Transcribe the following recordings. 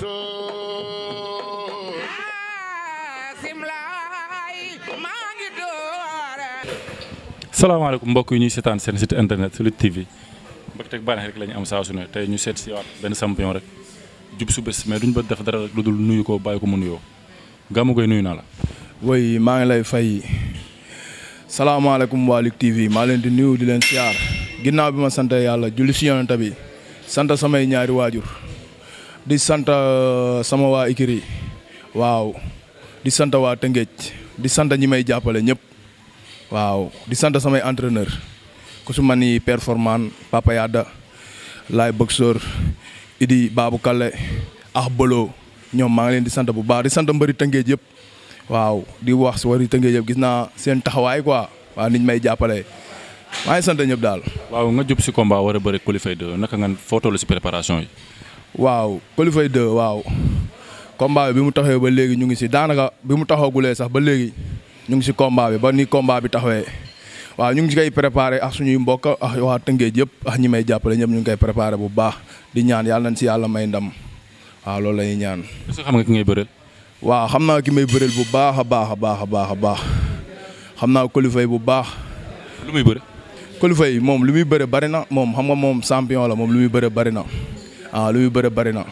door salaamaaleykum mbokk yi ñuy seetaan seen site internet su Lutte TV mbokk teg bànneex rek la ñu am saa su ne tey ñu seet si waat benn sampion rek jub su bés mais duñ ba def dara rek lu dul nuyu ko bàyyi ko mu nuyoo Gamou nuyu naa la woy maa ngi lay fay salaamaaleykum waa Lutte TV maa leen di nuyu di leen siyaar ginnaaw bi ma sant yàlla julli si yonent bi sant samay ñaari waajur di sant uh, sama waa Ikiri waaw di sant waa Tëngéej di sant ñi may jàppale ñëpp waaw di sant samay entraîneur ku su ma ni performant Papa Yada laay boxeur Idi Babu Kale ax Bolo ñoom maa ngi leen di sant bu baax di sant mbëri Tëngéej yëpp waaw di wax si wari Tëngéej yëpp gis naa seen taxawaay quoi waaw niñ may jàppale maa ngi sant ñëpp daal. waaw nga jub si combat war a bëri Coly Faye 2 naka nga foo toll si préparation yi. waaw Coly Faye waaw combat bi mu taxawee ba léegi ñu ngi si daanaka bi mu taxawagulee sax ba léegi ñu ngi si combat bi ba ni combat bi taxawee waaw ñu ngi si kay préparé ak suñuy mbokk ak waa Tëngéej yëpp ak ñi may jàppale ñëpp ñu ngi koy préparé bu baax di ñaan yàlla nañ si yàlla may ndam waaw loolu la ñuy ñaan. est-ce xam nga ki ngay bëreel. waaw xam naa ki may bëreel bu baax a baax a baax a baax a baax xam naa Coly Faye bu baax. lu muy bëre. Coly moom lu muy bëre bari na moom xam nga moom champion moom lu muy bari na. ah lu muy bëre bëri na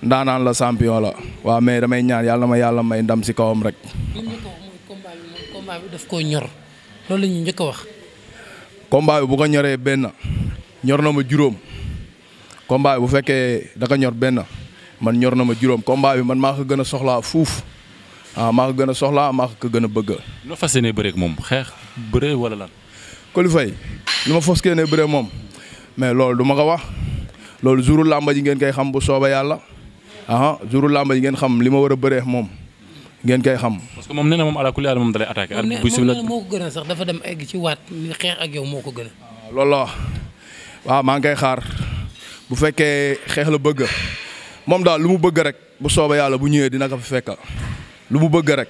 ndaanaan la champion la waaw mais damay ñaan yàlla ma yàlla may ndam si kawam rek. li koo ñor loolu la njëkk a wax. combat bi bu ko ñoree benn ñor na ma juróom combat bu fekkee da ñor benn man ñor na ma juróom combat bi man maa ko gën a soxlaa fuuf ah maa ko gën a soxlaa maa ko gën a bëgg. noo fas yéenee bëreeg xeex bëree wala ma fas yéenee bëree moom mais loolu du ma ko wax. loolu jouru làmba ji ngeen koy xam bu sooba yàlla ah jouru làmba ji ngeen xam li ma war a bëree moom ngeen koy xam. parce que moom nee na moom alaakulli aadama moom dalay attaqué. moo ko gën a sax dafa dem egg ci waat xeex ak yow moo ko gën ah, loolu la waaw maa ngi koy xaar bu fekkee xeex la bëgg moom daal lu mu bëgg rek bu sooba yàlla bu ñëwee dina ka fa fekk lu mu bëgg rek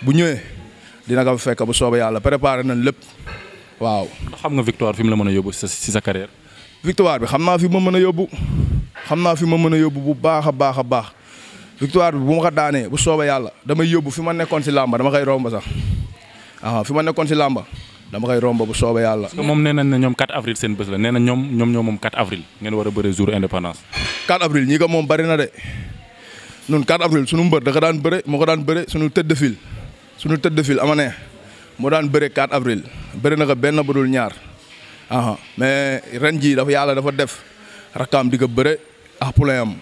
bu ñëwee dina ko fa fekk bu sooba yàlla préparé nañ lépp waaw. xam nga victoire fi mu la mën a yóbbu si sa carrière. victoire bi xam naa fi ma mën a yóbbu xam naa fi ma mën a yóbbu bu baax a baax a baax victoire bi bu ma ko daanee bu soobee yàlla damay yóbbu fi ma nekkoon si làmba dama koy romb sax waaw fi ma nekkoon si làmba dama koy romb bu soobee yàlla. moom nee nañ ne ñoom 4 avril seen bés la nee na ñoom ñoom ñoo moom 4 avril ngeen war a bëre jour indépendance. 4 avril ñi ko moom bari na de ñun 4 avril sunu mbër da ka daan bëre moo ko daan bëre sunu tëdd fil sunu tëdd fil ama ne moo daan bëre 4 avril bëre na ko benn budul ñaar. ah mais ren jii dafa yàlla dafa def rakkaam di ko bëre ak poulain am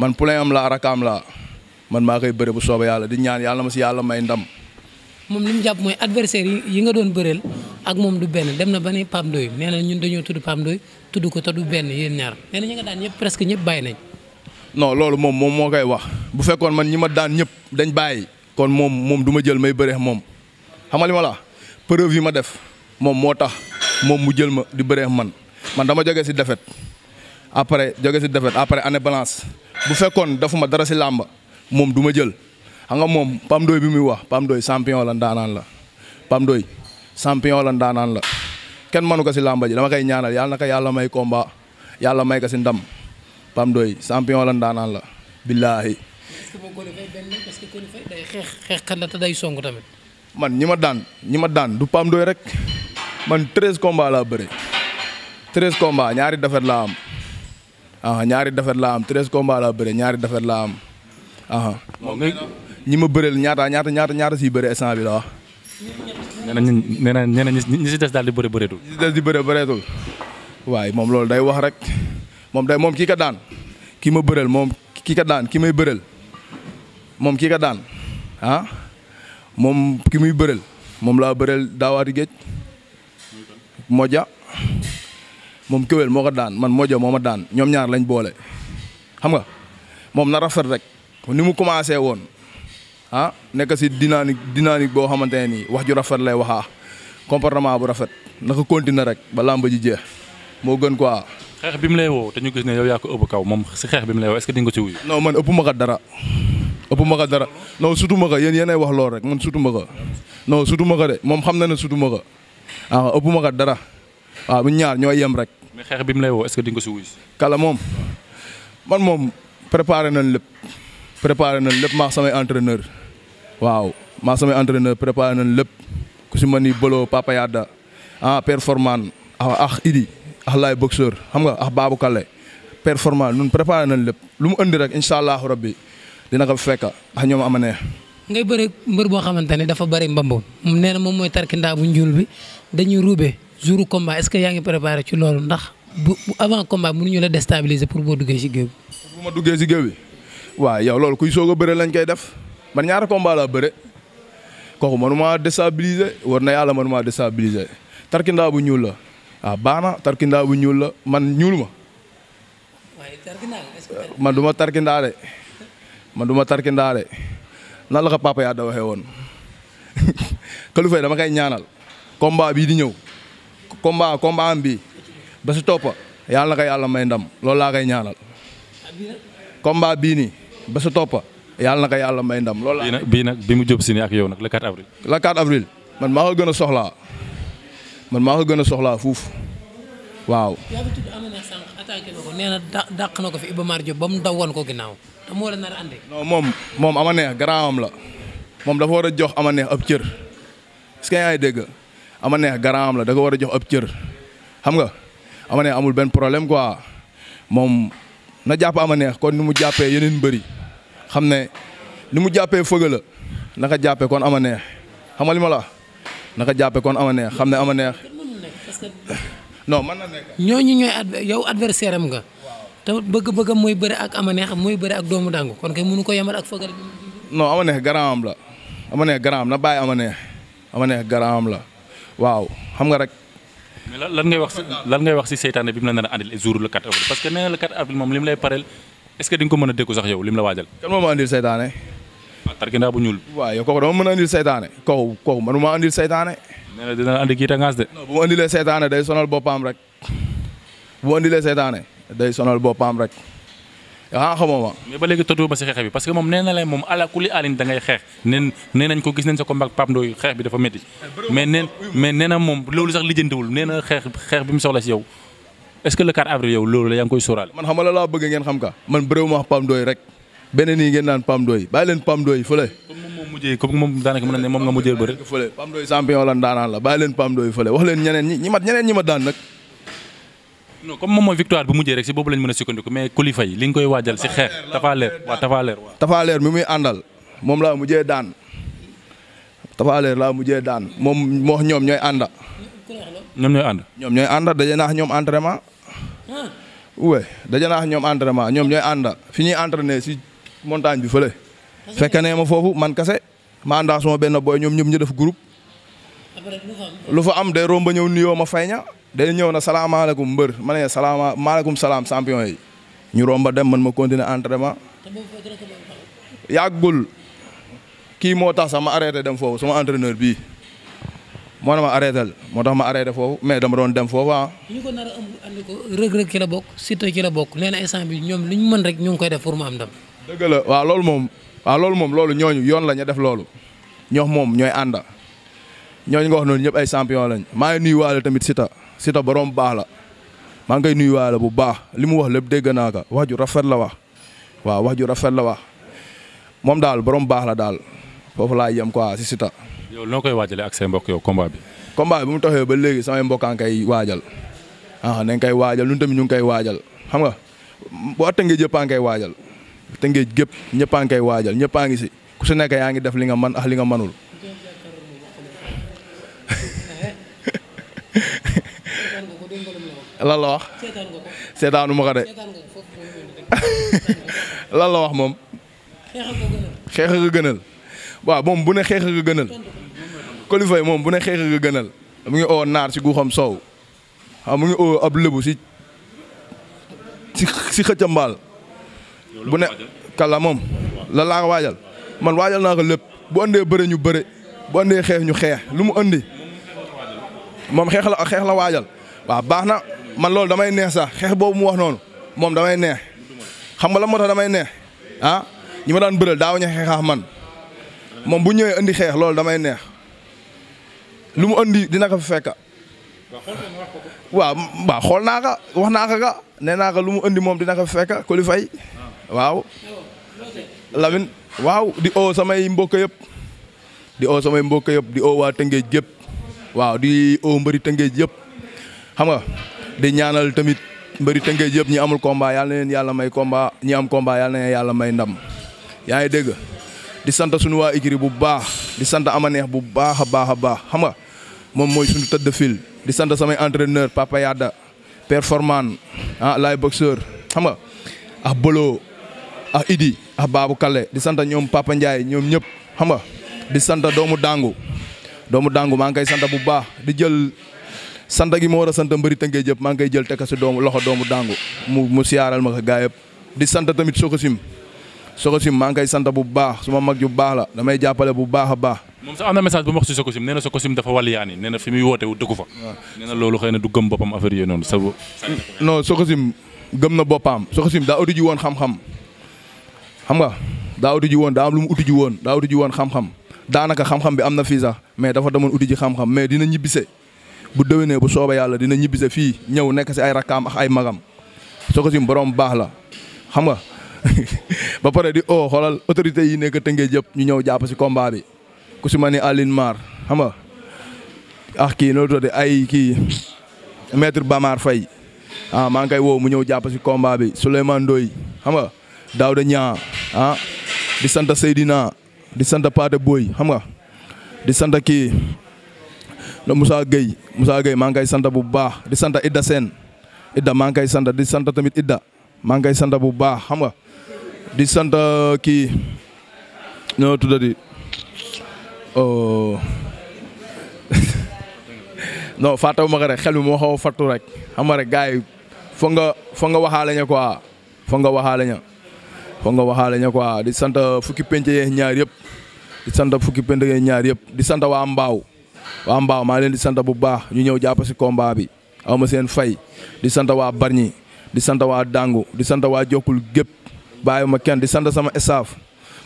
man poulain am laa rakkaam laa man maa koy bëre bu soobee yàlla di ñaan yàlla ma si yàlla may ndam. moom li mu jàpp mooy adversaire yi nga doon bëreel ak moom du benn dem na ba ne Pape Ndoye na ñun dañoo tudd Pape Ndoye tudd ko te du benn yéen ñaar nee na ñi daan ñëpp presque ñëpp bàyyi nañ. non loolu moom moom moo koy wax bu fekkoon man ñi ma daan ñëpp dañ bàyyi kon moom moom du ma jël may bëreex moom xam nga li ma la preuve ma def moom moo tax. moom mu jël ma di bëree man man dama jógee si defet après joge si defet après année balance bu fekkoon defuma dara si làmba moom du ma jël xam nga moom Pam Doy bi muy wax Pam Doy champion la ndaanaan la Pam Doy la ndaanaan la kenn mënu ko si làmba ji dama koy ñaanal yàlla na ko yàlla may combat yàlla may ko si ndam Pam Doy champion la ndaanaan la billaahi. la te day man ñi ma daan ñi ma daan du Pam Doy rek. man treize combats laa bëre treize combats ñaari defet laa am ah ñaari defet laa am treize combats laa bëre ñaari defet laa am ah. ñi ma bëreel ñaata ñaata ñaata ñaata si bëre instant bi la wax. nee na nee na ñi si des daal di bëre bëreetul. ñi si des bëre bëreetul waaye moom loolu day wax rek moom day moom kii ka daan kii ma bëreel moom kii ka daan kii may bërel moom kii ka daan ah moom ki muy moom laa bëreel daawaati géej. moja moom kéwél moo ko daan man moja moom a daan ñoom ñaar lañ boole xam nga moom na rafet rek ni mu commencé woon ah nekk si dynamique dynamique boo xamante ne nii wax ju rafet lay waxaa comportement bu rafet naka continuer rek ba làmb jeex moo gën quoi. xeex bi mu lay woo te ñu gis ne yow yaa ko ëpp kaw moom si xeex bi mu lay woo est-ce que di nga ko ci wuyu. non man ëpp ma dara ëpp ma ko dara non surtout ma ko yéen yéenay wax lool rek man surtout ma ko non surtout ma ko de moom xam na ne surtout ma ah ëpp ma ko dara waaw ah, bu ñaar ñoo yem rek. mais xeex bi mu lay woo est-ce que di nga ko si kala moom man moom préparé nañ lépp préparé nañ lépp maa samay entraîneur waaw maa samay entraîneur préparé na lépp ku si mën ni Bolo Papa Yada ah performant ah ah Idi ah laay boxeur xam nga ah Babou Kale performant ñun préparé nañ lépp lu mu andi rek incha allahu rabbi dina ka fekk ah ñoom ama ngay bëre mbër boo xamante ne dafa bëri mbamboon nee moom mooy tarkindaa bu dañuy ruube jour combat est-ce que yaa ngi préparé ci loolu ndax bu avant combat mënuñu la destabilisé pour boo duggee si géew bi. bu ma duggee si géew bi waaw yow loolu kuy soog a bëre lañ koy def man ñaara combat laa bëre kooku manuma déstabiliser war na yàlla manuma déstabiliser tarkindaa bu ñuul la waaw ah, baax tarkindaa bu ñuul la man ñuul ma. waaye tarkindaa man du ma tarkindaa de man du tarkindaa de nan la ko yaa da waxee woon Kalou Faye dama koy ñaanal. combat bii di ñëw combat combat am bii ba si toppa yàlla na ko yàlla may ndam loolu laa kay ñaanal combat bii nii ba si toppa yàlla na ko yàlla may ndam loolu laa bii nag bi mu jub si ni ak yow nag le avril le maa ko gën a soxlaa man maa ko gën a soxlaa fuuf waaw. yaa na ko nee na ba mu daw woon ko ginnaaw te moo la ama neex garaawam la moom dafa war jox ama neex ab cër est-ce que yaa ama neex garaam la da war a jox ab cër xam nga ama amul benn problème quoi moom na jàpp ama neex kon ni mu jàppee yeneen mbëri xam ne ni mu jàppee fëga la naka jàppee kon ama neex xam li ma la naka jàppee kon ama neex xam ne ama neex. non mën na nekk. ñooñu ñooy yow adversaire am nga. te bëgg-bëggam mooy bëri ak ama neex mooy bëri ak doomu dangu kon kay mënu ko yemal ak fëgal. non ama neex garaam la ama neex garaam na bàyyi ama neex ama neex la. waaw xam nga rek. mais lan ngay wax lan ngay wax si seytaane bi mu la a andil jour le 4 avril parce que nee na le 4 avril moom lim lay pareel est ce que di ko mën a sax yow lim waajal. kan moo ma andil seytaane. Ah, tarkindaa bu ñuul. waaw yow kooku dama mën a andil seytaane kooku kooku manuma andil seytaane. nee na dina andi kii tangaas de. non bu day sonal boppam rek bu ma andilee seytaane day sonal boppam rek. ah xamoo ma. mais ba léegi totoo ma si xeex bi parce que moom nee na moom ala kuli alin da xeex neen nee nañ ko gis nañ sa combat ak Pape xeex bi nee na xeex xeex bi mu soxla si yow est ce que le 4 avril yow loolu la yaa ngi koy sóoraale. man xam la bëgg ngeen xam ka man bëréew ma wax Pape rek beneen nii ngeen naan Pape Ndoye bàyyi leen Pape Ndoye fële. comme moom moo ne nga mujjee bëri. fële Pape Ndoye champion la ndaanaan la bàyyi leen Pape Ndoye fële wax leen ñeneen ñi ñeneen ñi non comme moom mooy victoire bi mujjee rek si boobu lañ mën a sukkandiku mais Koulibaly yi li nga koy waajal si xeex Tafaleer waaw Tafaleer waaw. Tafaleer mi muy àndal moom laa mujjee daan Tafaleer laa mujjee daan moom moo ñoom ñooy ànda. ñoom ñooy ànd. ñoom ñooy ànda daje naax ñoom entraînement. Ah. oui daje naax ñoom entraînement ñoom ñooy ànda fi ñuy entraîné si montagne bi fële. fekke nee ma foofu man kase ma àndaa suma benn booy ñoom ñoom ñu def groupe. lu fa am day romb ñëw nuyoo ma fay ña day ñëw na salaamaaleykum mbër ma ne salaama maaleykum salaam champion yi ñu romba dem man ma continuer entraînement yàggul kii moo tax sax ma arrêté dem foofu sama entraîneur bii moo na ma arrêté moo tax ma arrêté foofu mais dama doon dem foofu ah. ñu ko nar a ëmb andi ko Reug Reug ci bokk Siteu ci bi ñoom lu ñu mën rek ñu ngi koy def pour mu am ndam. dëgg la waaw loolu moom waaw loolu moom ñooñu yoon la ñu def loolu ñox moom ñooy ànda ñooñu nga wax noonu ñëpp ay champion lañ maa ngi tamit Siteu borom baax la maa ngi koy nuyuwaale bu baax li mu wax lépp dégg naa ko wax ju rafet la wax waa wax ju rafet la wax moom daal borom baax la daal foofu laa yem quoi si Siteu. yow noo koy waajalee ak mbokk yow combat bi. combat bi mu taxee ba léegi samay mbokkaan kay waajal ah nañ koy waajal ñun tamit ñu ngi koy waajal xam nga boo tënkee jëppaan koy waajal tënkee gépp ñëppaan koy waajal ñëppaa ngi si ku si nekk yaa ngi def li nga man ak li nga manul lan la wax. seetaanu ma ko de. lan wax moom. xeex nga gënal. waaw moom bu ne xeex nga gënal. Coly Faye moom bu ne xeex nga gënal. mu ngi oo naar si guuxam soow. waaw mu ngi oo ab lëbu si si si bu ne kala moom. la waajal. man waajal naa ko lépp. bu andee bëre ñu bëre. bu andee xeex ñu xeex lu mu andi. moom xeex la waajal. waaw baax na. man loolu damay neex sax xeex boobu mu wax noonu moom damay neex xam nga la moo tax damay neex ah ñi ma daan bëral daa ñu xeexaax man moom bu ñëwee indi xeex loolu damay neex lu mu andi dina ka fi fekk. waaw waaw xool naa ka wax naa ka ka nee naa ka lu mu andi moom dina ka fi fekk ku li fay waaw. Lamine waaw di oo samay mbokk yëpp di oo mbokk yëpp di oo waa Tëngéej yëpp waaw di oo mbëri Tëngéej yëpp xam nga. di ñaanal tamit mbëri tëngeej yëpp ñi amul combat yal na leen yàlla may combat ñi am combat yal na leen yàlla may ndam yaa ngi dégg di sant suñu waa Ikri bu baax di sant Amaneex bu baax a baax a baax xam nga moom mooy suñu tëdd fil di sant samay entraîneur Papa Yada performant ah laay boxeur xam nga ah Bolo ah Idi ah Babu Kale di sant ñoom Papa Ndiaye ñoom ñëpp xam nga di sant doomu Dangu doomu Dangu maa ngi koy sant bu baax di jël. sant gi ma war a sant mbëri tënkee jëpp maa ngi koy jël teg si doomu loxo doomu dàngu mu siyaaral ma ko gaa di sant tamit Sococim Sococim maa ngi koy sant bu baax su ma mag ju baax la damay jàppale bu baax a baax. moom sax am na message bu ma wax si Sococim nee na Sococim dafa wàlliyaani nee na fi muy woote wu dëggu fa. waaw nee na loolu xëy na du gëm boppam affaire yooyu noonu sa. non daa uti ji woon xam-xam xam nga daa uti ji woon daa am lu mu uti ji woon daa uti ji woon xam-xam daanaka xam-xam bi am na fii sax mais dafa demoon uti ji xam-xam mais dina ñibbise bu déwénee bu soobee yàlla dina ñibbise fii ñëw nekk si ay rakkaam ay magam Sococim borom baax la xam nga ba pare di oo oh, xoolal autorités yi nekk Tëngéej yëpp ñu ñëw jàpp si combat bi ku si mel ni Aline Mar xam nga ak ah, kii noo ay kii maître Bamar fay ah maa ngi koy woo mu ñëw jàpp si combat bi Souleymane Ndoye xam nga Daouda Niang ah, di sant Seydina di sant Pathé Boy xam nga di sant kii. la Moussa Gueye Moussa maa ngi koy sant bu baax di sant Idda Sène Idda maa ngi koy sant di sant tamit Idda maa ngi koy sant bu baax xam nga di sant euh, kii ñoo tuddati oh. non fàttawu ma ko rek xel bi moo xaw fattu rek xam nga rek gars yi foog nga foog nga waxaale ña quoi foog nga waxaale ña foog nga waxaale ña quoi di sant euh, fukki penc yee ñaar yëpp di sant fukki penc yee ñaar yëpp di sant waa Mbaaw waa mbaaw maa leen di santa bu baax ñu ñëw jàpp si combat bi aw ma seen fay di sant waa Bargny di sant waa Dangu di santa waa Jokkul gépp bàyyi ma kenn di sant sama staff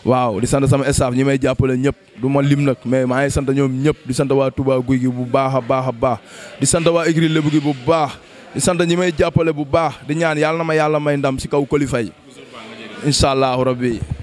waaw di sant sama staff ñi may jàppale ñëpp du ma lim nag mais maa ngi sant ñoom ñëpp di sant waa Touba guy gi bu baax a baax a baax di sant waa Igri Lebu gi bu baax di sant ñi may jàppale bu baax di ñaan yàlla na ma yàlla may ndam si kaw kolifay incha allahu rabbi